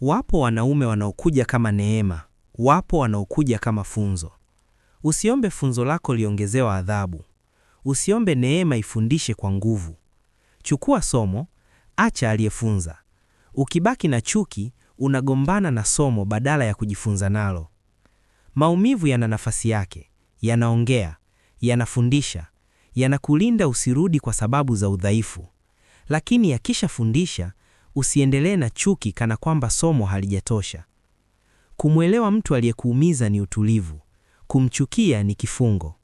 Wapo wanaume wanaokuja kama neema, wapo wanaokuja kama funzo. Usiombe funzo lako liongezewa adhabu, usiombe neema ifundishe kwa nguvu. Chukua somo, acha aliyefunza. Ukibaki na chuki, unagombana na somo badala ya kujifunza nalo. Maumivu yana nafasi yake, yanaongea, yanafundisha, yanakulinda usirudi kwa sababu za udhaifu, lakini yakishafundisha Usiendelee na chuki kana kwamba somo halijatosha. Kumwelewa mtu aliyekuumiza ni utulivu, kumchukia ni kifungo.